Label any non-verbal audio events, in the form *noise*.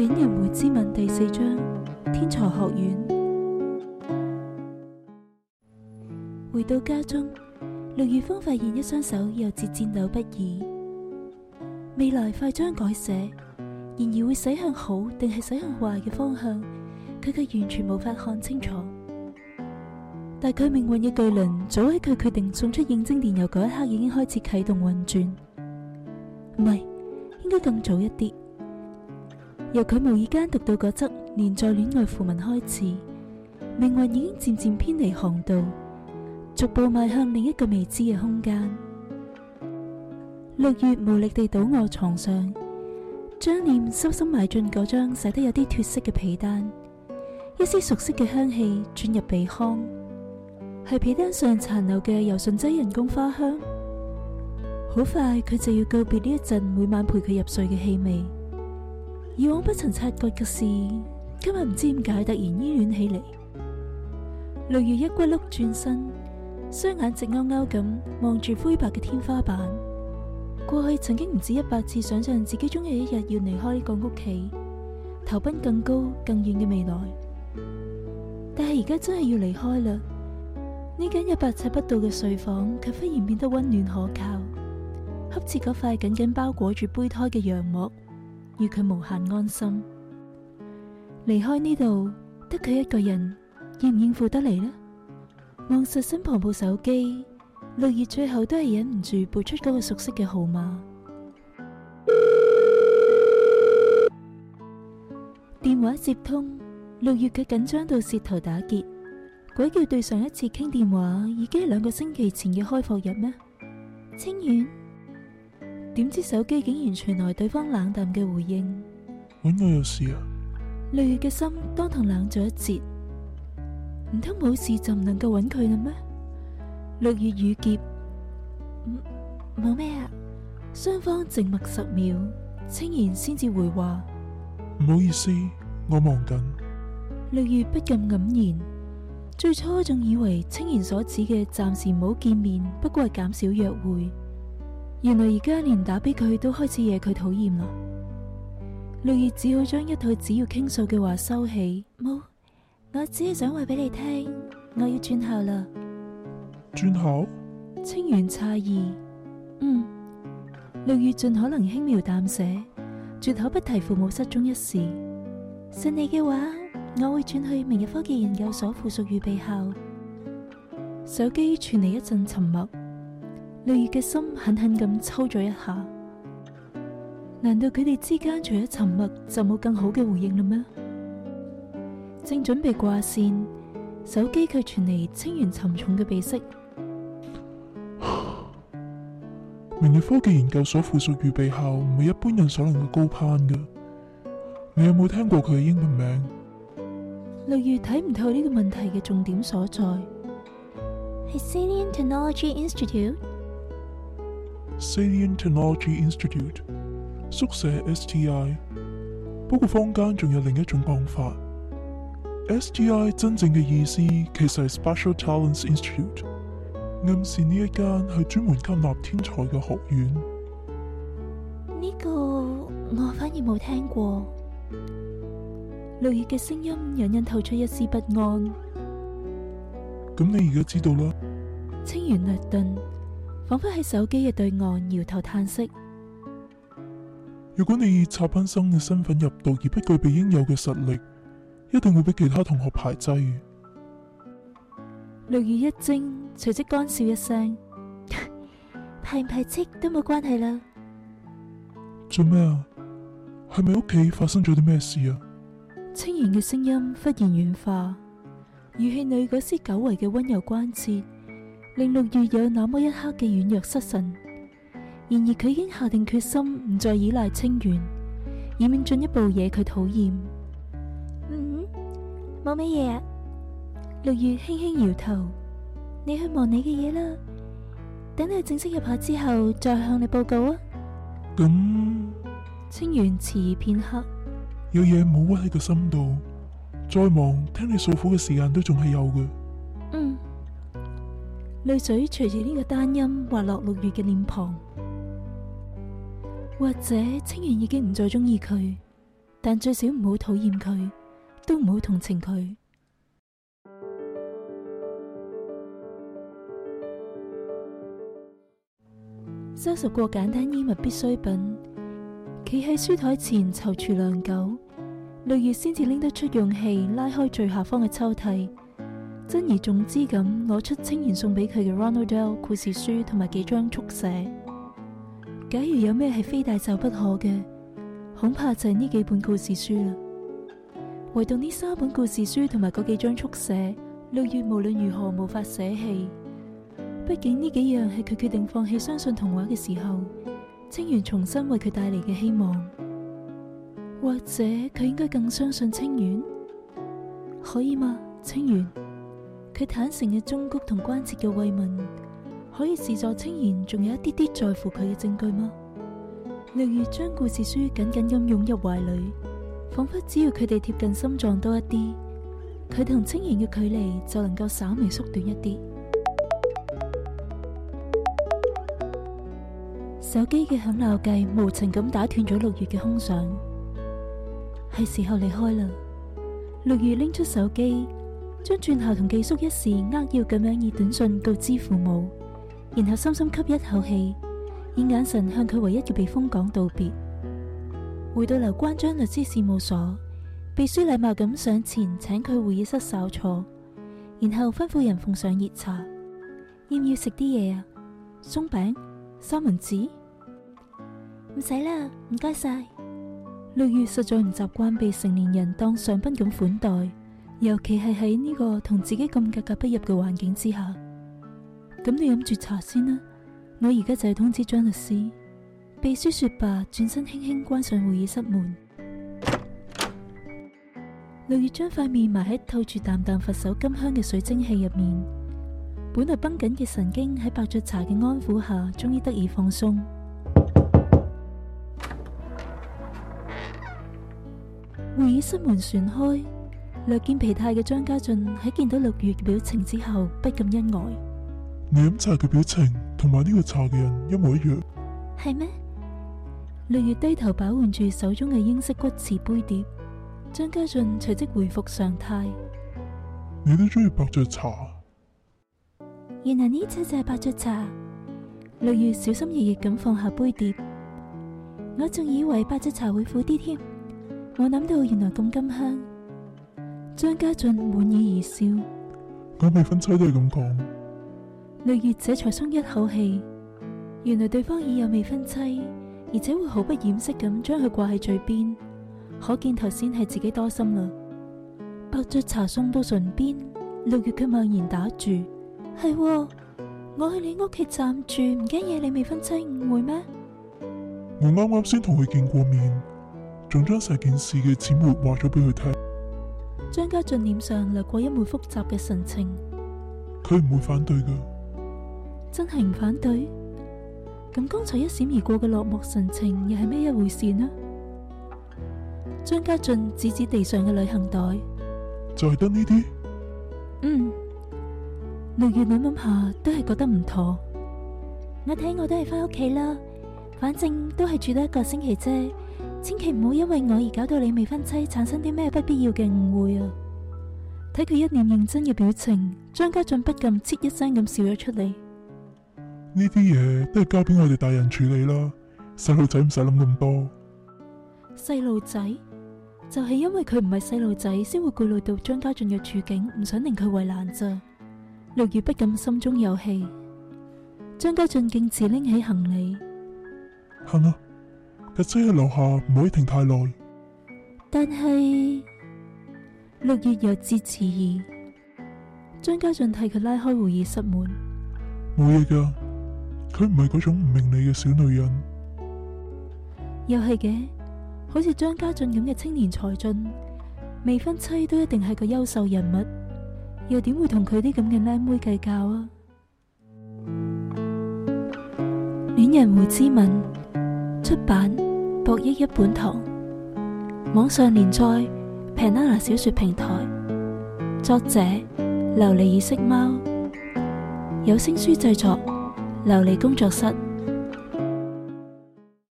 戀人湖之吻第四章：天才學院。回到家中，梁月芳發現一雙手又自顫抖不已。未來快將改寫，然而會駛向好定係駛向壞嘅方向，佢卻完全無法看清楚。大概命運嘅巨輪早喺佢決定送出應徵電郵嗰一刻已經開始啟動運轉，唔係，應該更早一啲。由佢無意間讀到嗰則連載戀愛訃聞開始，命運已經漸漸偏離航道，逐步邁向另一個未知嘅空間。六月無力地倒卧床上，將臉收心埋進嗰張洗得有啲脱色嘅被單，一絲熟悉嘅香氣鑽入鼻腔，係被單上殘留嘅柔順劑人工花香。好快佢就要告別呢一陣每晚陪佢入睡嘅氣味。以往不曾察覺嘅事，今日唔知點解突然依戀起嚟。六月一骨碌轉身，雙眼直勾勾咁望住灰白嘅天花板。過去曾經唔止一百次想象自己終有一日要離開呢個屋企，投奔更高更遠嘅未來。但係而家真係要離開了。呢間一百尺不到嘅睡房，卻忽然變得温暖可靠，恰似嗰塊緊緊包裹住胚胎嘅羊膜。與佢無限安心。離開呢度，得佢一個人，應唔應付得嚟呢？望實身旁部手機，六月最後都係忍唔住撥出嗰個熟悉嘅號碼。電話接通，六月佢緊張到舌頭打結。鬼叫對上一次傾電話已經係兩個星期前嘅開放日咩？清遠。點知手機竟然傳來對方冷淡嘅回應？揾我有事啊？六月嘅心當堂冷咗一截，唔通冇事就唔能夠揾佢啦咩？六月雨劫，冇咩啊？雙方靜默十秒，清言先至回話：唔好意思，我忙緊。六月不禁黯然，最初仲以為清言所指嘅暫時冇見面，不過係減少約會。原來而家連打俾佢都開始惹佢討厭啦，六月只好將一套只要傾訴嘅話收起。冇，我只係想話俾你聽，我要轉校啦。轉校後？清完詫異。嗯。六月盡可能輕描淡寫，絕口不提父母失蹤一事。順利嘅話，我會轉去明日科技研究所附屬預備校。手機傳嚟一陣沉默。六月嘅心狠狠咁抽咗一下，難道佢哋之間除咗沉默就冇更好嘅回應了咩？正準備掛線，手機卻傳嚟清源沉重嘅鼻息。明日科技研究所附屬預備校唔係一般人所能嘅高攀㗎，你有冇聽過佢嘅英文名？六月睇唔透呢個問題嘅重點所在，係 Cillian Technology Institute。Salient Technology Institute 宿舍 STI，不過坊間仲有另一種講法，STI 真正嘅意思其實係 Special Talents Institute，暗示呢一間係專門吸納天才嘅學院。呢、這個我反而冇聽過。綠月嘅聲音隱隱透出一絲不安。咁你而家知道啦。清源略頓。仿佛喺手機嘅對岸搖頭嘆息。如果你以插班生嘅身份入讀，而不具備應有嘅實力，一定會俾其他同學排擠。六月一怔，隨即乾笑一聲： *laughs* 排唔排斥都冇關係啦。做咩啊？係咪屋企發生咗啲咩事啊？清瑩嘅聲音忽然軟化，語氣裏嗰絲久違嘅溫柔關切。令六月有那麼一刻嘅軟弱失神，然而佢已經下定決心，唔再依賴清源，以免進一步惹佢討厭。嗯，冇乜嘢。六月輕輕搖頭，你去忙你嘅嘢啦，等你去正式入下之後再向你報告啊。咁、嗯，清源遲疑片刻，嗯、有嘢冇屈喺個心度，再忙聽你訴苦嘅時間都仲係有嘅。淚水隨住呢個單音滑落六月嘅臉龐，或者清瑩已經唔再中意佢，但最少唔好討厭佢，都唔好同情佢。 *music* 收拾過簡單衣物必需品，企喺書台前躊躇良久，六月先至拎得出勇氣拉開最下方嘅抽屜。珍而重之咁攞出清源送俾佢嘅 Ronaldale 故事書同埋幾張速寫。假如有咩係非帶走不可嘅，恐怕就係呢幾本故事書啦。唯獨呢三本故事書同埋嗰幾張速寫，六月無論如何無法捨棄。畢竟呢幾樣係佢決定放棄相信童話嘅時候，清源重新為佢帶嚟嘅希望。或者佢應該更相信清源，可以嗎？清源。佢坦誠嘅忠告同關切嘅慰問，可以視作青言仲有一啲啲在乎佢嘅證據嗎？六月將故事書緊緊咁擁入懷裏，仿佛只要佢哋貼近心臟多一啲，佢同青言嘅距離就能夠稍微縮短一啲。手機嘅響鬧計無情咁打斷咗六月嘅空想，係時候離開喇。六月拎出手機。將轉校同寄宿一事扼要咁樣以短信告知父母，然後深深吸一口氣，以眼神向佢唯一嘅避風港道別。回到劉關張律師事務所，秘書禮貌咁上前請佢會議室稍坐，然後吩咐人奉上熱茶。要唔要食啲嘢啊？鬆餅、三文治？唔使啦，唔該晒。六月實在唔習慣被成年人當上賓咁款待。尤其係喺呢個同自己咁格格不入嘅環境之下。咁你飲住茶先啦。我而家就去通知張律師。秘書說罷，轉身輕輕關上會議室門。六月將塊面埋喺透住淡淡佛手柑香嘅水蒸氣入面，本來繃緊嘅神經喺白灼茶嘅安撫下，終於得以放鬆。 *laughs* 會議室門旋開。略見疲態嘅張家俊喺見到六月嘅表情之後，不禁欣慰。你飲茶嘅表情同埋呢個茶嘅人一模一樣，係咩？六月低頭把玩住手中嘅英式骨瓷杯碟，張家俊隨即回復常態。你都中意白茶茶？原來呢隻就係白茶茶。六月小心翼翼咁放下杯碟，我仲以為白茶茶會苦啲添，我諗到原來咁甘香。張家俊滿意而笑，我未婚妻都係咁講。綠月這才鬆一口氣，原來對方已有未婚妻，而且會毫不掩飾咁將佢掛喺嘴邊，可見頭先係自己多心啦。包着茶，送到唇邊，綠月卻猛然打住：係、 *laughs* 哦，我去你屋企暫住，唔驚惹你未婚妻誤會咩？我啱啱先同佢見過面，仲將成件事嘅始末話咗俾佢聽。張家俊臉上掠過一抹複雜嘅神情，佢唔會反對噶，真係唔反對？咁剛才一閃而過嘅落寞神情又係咩一回事呢？張家俊指指地上嘅旅行袋，就係得呢啲？嗯，寧願諗諗下，都係覺得唔妥。我睇，我都係翻屋企啦，反正都係住得一個星期啫。千祈唔好因為我而搞到你未婚妻產生啲咩不必要嘅誤會啊！睇佢一臉認真嘅表情，張家俊不禁切一聲咁笑咗出嚟。呢啲嘢都係交俾我哋大人處理啦，細路仔唔使諗咁多。細路仔就係、是、因為佢唔係細路仔，先會顧慮到張家俊嘅處境，唔想令佢為難咋。六月不禁心中有氣，張家俊徑自拎起行李，行啦、啊。車喺樓下唔可以停太耐，但係六月又至遲。張家俊替佢拉開會議室門，冇嘢噶，佢唔係嗰種唔明理嘅小女人。又係嘅，好似張家俊咁嘅青年才俊，未婚妻都一定係個優秀人物，又點會同佢啲咁嘅靚妹計較啊？戀人湖之吻出版。《一一本堂》網上連載《Penana》小說平台，作者：琉璃異色貓，有聲書製作：琉璃工作室。